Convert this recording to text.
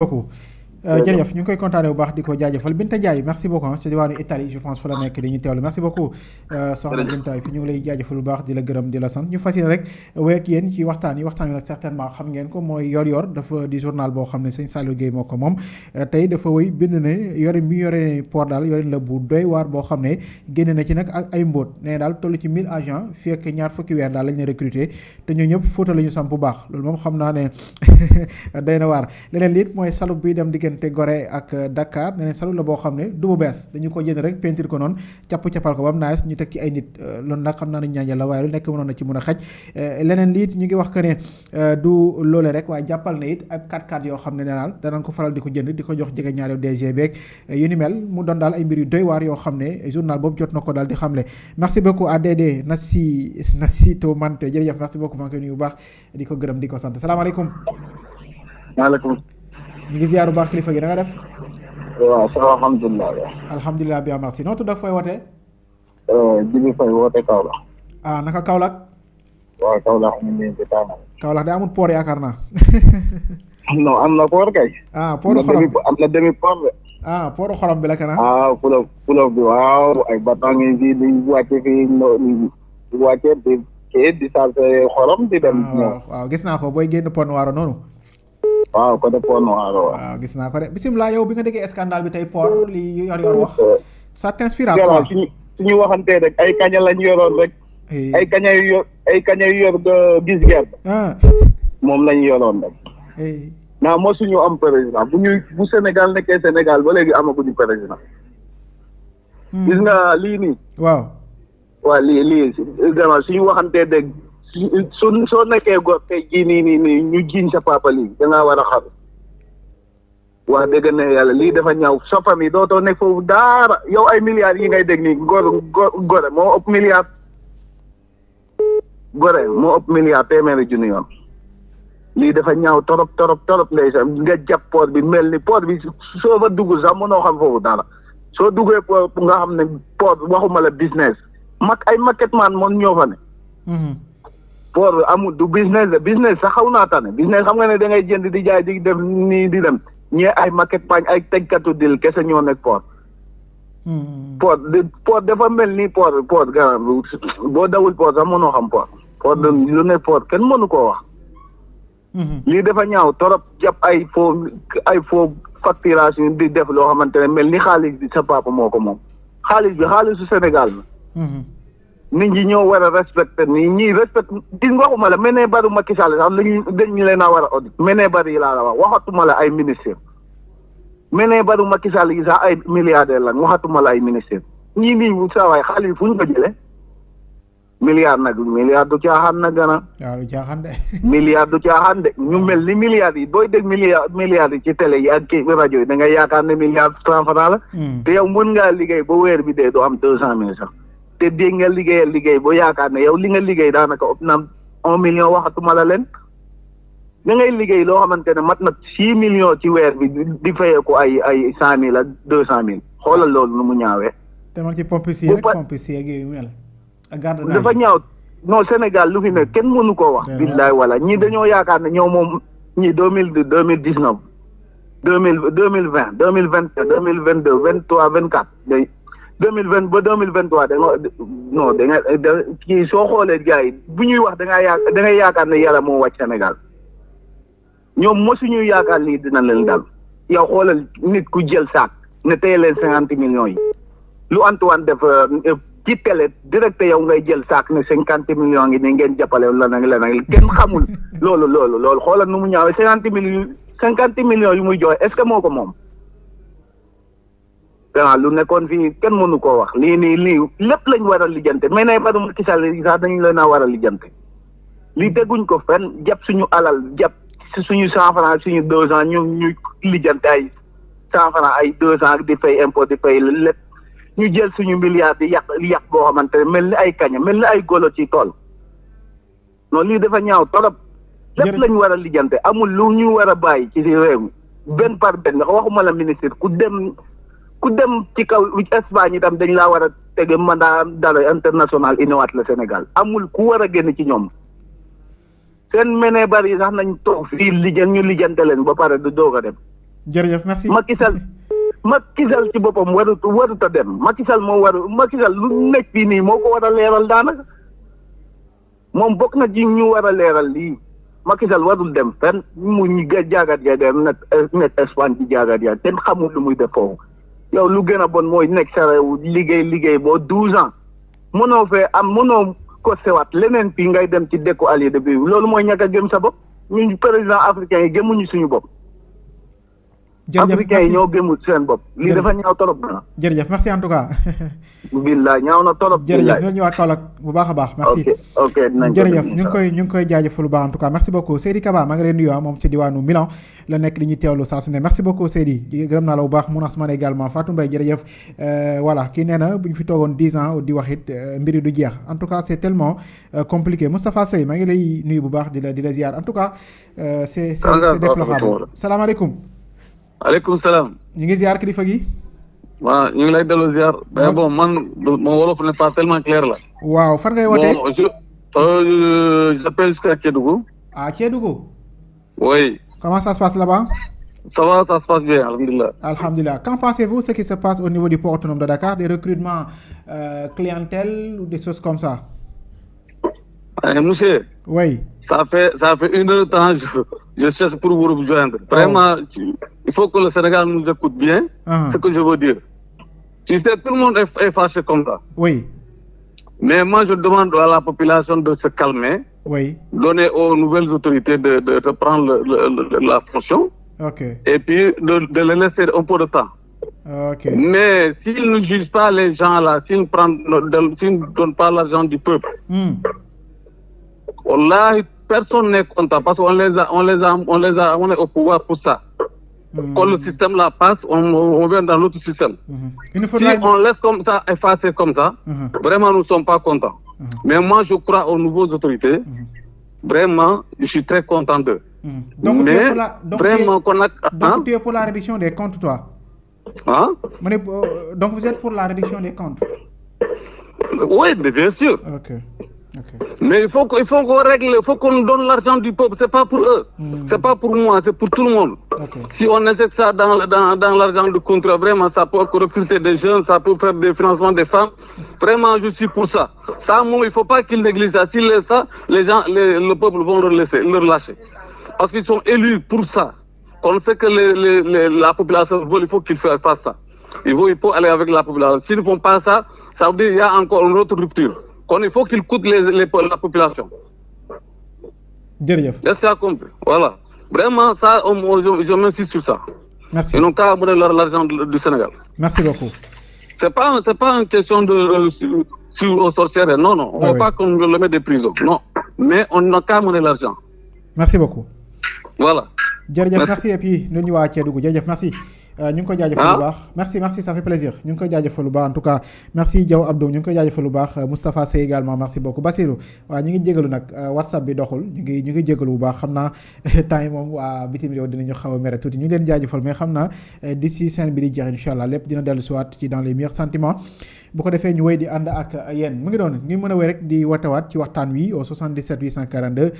beaucoup Euh, jërëjëf ñu ngi koy kontaane bu baax di ko jaajëfal Binta Diaye merci beaucoup ci diwaanu Italie la nekk di ñu fi euh, ñu lay jaajëfal bu baax di la gërëm di la sant ñu fas yéene rek wéy ak ci waxtaan yi waxtaan yi nag certainement boo xam ne sëñ Saliou Guèye moo euh, na ci nag ay mbóot ne daal toll ci 1000 agents fii ak ñaar fukki weer daal lañ ne recruté te ñoo ñëpp fóota la ñu bu baax loolu moom xam naa ne day na waar leneen liit mooy salu bi dem di diggante Gorée ak Dakar nee nañ salu la boo xam ne du bu bees dañu ko jënd rek peinture ko noonu càpp cappal ko ba mu naaj ñu teg ci ay nit euh, loolu nag xam naa ne ñaaja la waaye lu nekk mënoon na ci mën a xaj euh, leneen lii ñu ngi wax que ne euh, du loole rek waaye jàppal na it ak 4 x yoo xam ne daal dana ko faral di ko jënd di ko jox jege ñaareelu DG beeg yu ni mel mu doon daal ay mbir yu doy waar yoo xam ne journal boobu jot na ko daal di xamle merci beaucoup à Dédé Nassi Nassito Mante jërëjëf merci beaucoup maa ngi koy nuyu bu baax di ko gërëm di ko sant salaamaaleykum maaleykum ñu ngi ziar baax kilifa gi da nga def. waaw ça va alhamdulilah. alhamdulilah bien merci noo tudd ak fooy wootee. Euh, Jibi Faye woote Kaolack. ah naka Kaolack. yaakaar naa. am na port kay. ah port xorom na demi port de. ah bi la kana. ah Kuloof bi waaw ay batoŋ yi fii di wàcce fii di wàcce di kii di chargé xorom di dem. Ah, waaw gis naa ko booy génn Pointe Noire noonu. waaw côté port noir waaw gis naa ko de bisimilah yow bi nga déggee scandale bi tey port lii yor yor wax euh, ça t'inspire quoi suñu waxantee rek ay kaña lañ yoroon rek eh. ay kaña yu yor ay kaña yu yor gis gerte ah. moom lañ yoroon rek eh. naa moo suñu am président bu ñuy bu Sénégal nekkee Sénégal ba léegi amaguñu président hmm. gis nga lii nii waaw waaw lii lii vraiment suñu waxantee dëgg su soo nekkee góor tey jii nii nii nii ñu jiiñ sa papa lii da war a xaru waa dégg na yàlla lii dafa ñaaw sa famille dootoo nekk foofu daara yow ay milliards yi ngay dégg nii góor góor góor moo ëpp milliard gore moo ëpp milliard téeméeri junni yoon lii dafa ñaaw torop torop torop ndeysaan nga jàpp port bi mel ni port bi soo fa dugg sax mënoo xam foofu dara soo duggee port nga xam ne port waxuma la business mag ay market man moom ñoo fa ne mm-hmm. port amul du business de business sax xaw naa tane business xam nga ne dangay jënd di jaay di def nii di dem ñee ay maquette pañ ay tejkatu dil kese ñoo nekk port. Hmm. port de port dafa mel ni port port ga boo dawul port sax mënoo xam port. port de hmm. lu ne port kenn mënu koo wax. Hmm. lii dafa ñaaw torop jàpp ay faux ay fo facturation di def loo xamante ne mel ni xaalis bi sa papa moo ko moom xaalis bi xaalisu Sénégal la. nit ñi ñoo war a respecté nii ñii respecté di waxuma la mel ne bari Macky Sall sax dañuy dañu leen a war a audit mel ne bari yi laa la wax waxatuma la ay ministère mel ne bari Macky Sall yi sax ay milliardaire lan waxatuma la ay ministre ñii nii saa waay xaalis fu ñu ko jëlee milliard nag milliard du caaxaan nag gana waaw du caaxaan de. milliard du caaxaan de ñu mel ni milliards yi booy dégg milliard milliards yi ci télé yi ak ci rajo yi da nga yaakaar ne milliard la. Hmm. te yow mën ngaa liggéey ba weer bi dee du am deux cent mille te di nga liggéeyal liggéey boo yaakaar ne yow li nga liggéey daanaka ëpp na un million waxatuma la leen li ngay liggéey loo xamante ne mat na six millions ci weer bi di fayee ko ay ay cent mille ak deux cent mille xoolal loolu nu mu ñaawee. demal ci pompier rek pompier ak yooyu mel ak garde dafa ñaaw non Sénégal lu fi ne kenn mënu koo wax. billaay wala ñii dañoo yaakaar ne ñoo moom ñii deux mille deux deux mille dix neuf deux mille deux mille vingt deux vingt vingt vingt trois deux mille vingt ba deux mille vingt trois da da nga da kii soo xoolee gars yi bu ñuy wax da ngaa yaa yaakaar ne yàlla moo wàcc Sénégal ñoom mosuñu yaakaar ni dina leen dal yow xoolal nit ku jël saak ne tey leen cinquante millions yi lu Antoine def euh, ci télé direct yow ngay jël saak ne cinquante millions ngi ne ngeen jàppale la nag la nag kenn xamul loolu loolu loolu xoolal nu mu ñaawee cinquante millions cinquante millions yu muy joxe est-ce que moo ko moom ah lu nekkoon fii kenn mënu koo wax lii nii lii lépp lañ war a lijjante mais ne mbarum Macky Sall yi dañu leen a war a lijjante lii teguñ ko fenn jàpp suñu alal jàpp suñu cent franc suñu deux cent ñu ñu lijjante ay cent franc ay deux cent di fay impôt di fay lépp ñu jël suñu milliard di yàq yàq boo xamante ne mel ni ay kaña mel ni ay golo ci tool non lii dafa ñaaw torop lépp lañ war a lijjante amul lu ñu war a bàyyi ci réew mi benn par benn waxuma la ministre ku dem ku dem ci kaw Espagne itam dañ laa war a tege mandat dalo international indiwaat la Sénégal amul ku war a génn ci ñoom seen mene bari sax nañ toog fii lijan ñu lijante leen ba pare du doog a dem. jërëjëf merci Macky Sall Macky Sall ci boppam warut warut a dem Macky Sall moo waru Macky Sall lu nekk fii nii moo ko war a leeral daanaka moom bokk na ci ñu war a leeral lii Macky warul dem fenn mu ñu jaagat ya dem nekk nekk Espagne ci jaagat ya kenn xamul lu muy def foofu. yow lu gën a bon mooy nekk sa réew liggéey liggéey boo douze ans mënoo fee am mënoo ko sewaat leneen fii ngay dem ci dëkku allié de bi loolu mooy ñàkk a gëm sa bopp ñun président africain yi gëmuñu suñu bopp jërëjëf africain yi ñoo gëmul seen bopp. lii dafa ñaaw torop na. jërëjëf merci en tout cas. bu baax a baax. merci ok dinañ jërëjëf ñu koy ñu ngi koy jaajëfal lu baax en tout cas merci beaucoup Seydi Kaba maa ngi leen nuyu ah, moom la nekk ne bu baax Mounas Man également Fatou jërëjëf euh, na bu ñu fi toogoon dix ans di wax it euh, mbiri du jeex en tout cas c' est tellement euh, compliqué Moustapha Sey ngi lay nuyu bu baax di la di la ziar en tout cas c' est c' aleykum salaam. ñu ngi ziar kilifa gi. waaw ñu ngi lay dellu ziar. bon man ma wolof ne pas tellement clair la. waaw fan ngay wootee bon je ko euh, euh, jusqu'à Kédougou. ah Kédougou. oui. comment ça se passe là-bas. ça va ça se passe bien alhamdulilah. alhamdulilah qu'en pensez-vous ce qui se passe au niveau du port de Dakar des recrutements euh, clientèle ou comme ça. Eh, monsieur. Oui. Ça fait, ça fait une heure de temps je, je pour vous rejoindre. Oh. Vraiment, il faut que le Sénégal nous écoute bien. Uh que je veux dire. Tu tout le monde est, fâché comme ça. Oui. Mais moi, je demande à la population de se calmer. Oui. Donner aux nouvelles autorités de, de, de la fonction. Et puis de, de les laisser un peu de temps. Mais s'ils ne jugent pas les gens là, s'ils ne, ne donnent l'argent du peuple, hmm. wallahi personne n'est content parce qu'on les a on les a on les a pouvoir pour ça. Hmm. Quand le système la passe on revient dans l'autre système. Mmh. Si on laisse comme ça effacer comme ça. Hmm. Vraiment nous sommes pas contents. Hmm. Mais moi je crois aux nouvelles autorités. Vraiment je suis très content d'eux. mais la, donc vraiment qu'on a donc tu es pour des comptes toi. ah. donc vous êtes pour la reddition des comptes. oui mais bien sûr. Okay. Mais il faut qu'il faut qu'on règle, il faut qu'on donne l'argent du peuple, c'est pas pour eux. Hmm. C'est pas pour moi, c'est pour tout le monde. Si on injecte dans dans dans l'argent du contrat, vraiment ça peut recruter des jeunes, ça peut faire des financements des femmes. Vraiment, je suis pour ça. Ça, moi, il faut pas qu'ils négligent ça. les gens les, le peuple vont leur lâcher. Parce qu'ils sont élus pour ça. On sait que les, les, la population veut, il faut qu'ils fassent ça. Il faut, il la population. S'ils kon il faut qu'il coûte les, les la population. jërëjëf est-ce que tu as compris voilà vraiment ça on je, je m'insiste sur ça. merci ils n'ont qu'à l'argent du Sénégal. merci beaucoup. c'est pas c'est pas une question de euh, sur, sur aux sorcières non non. on ah oui. pas qu'on le mette des prisons non mais on n'a qu'à amener l'argent. merci beaucoup. voilà. jërëjëf merci et puis nu ñu waa Kédougou jërëjëf merci. Euh, ñu ngi koy jaajëfal lu ah. baax merci merci ça fait plaisir ñu ngi koy jaajëfal lu baax en tout cas merci Diaw Abdou ñu ngi koy jaajëfal lu baax euh, Moustapha Sey également merci beaucoup Basirou waaw ñu ngi jégalu nag euh, WhatsApp bi doxul ñu ngi ñu bu baax xam na temps yi moom waa bitim réew dinañu xaw a mere tuuti ñu ngi leen jaajëfal mais xam naa d'ici semaine bi di jeex incha allah lépp dina dellu siwaat ci dans les meilleurs sentiments bu ko defee ñu wéy di ànd ak yéen mu ngi doon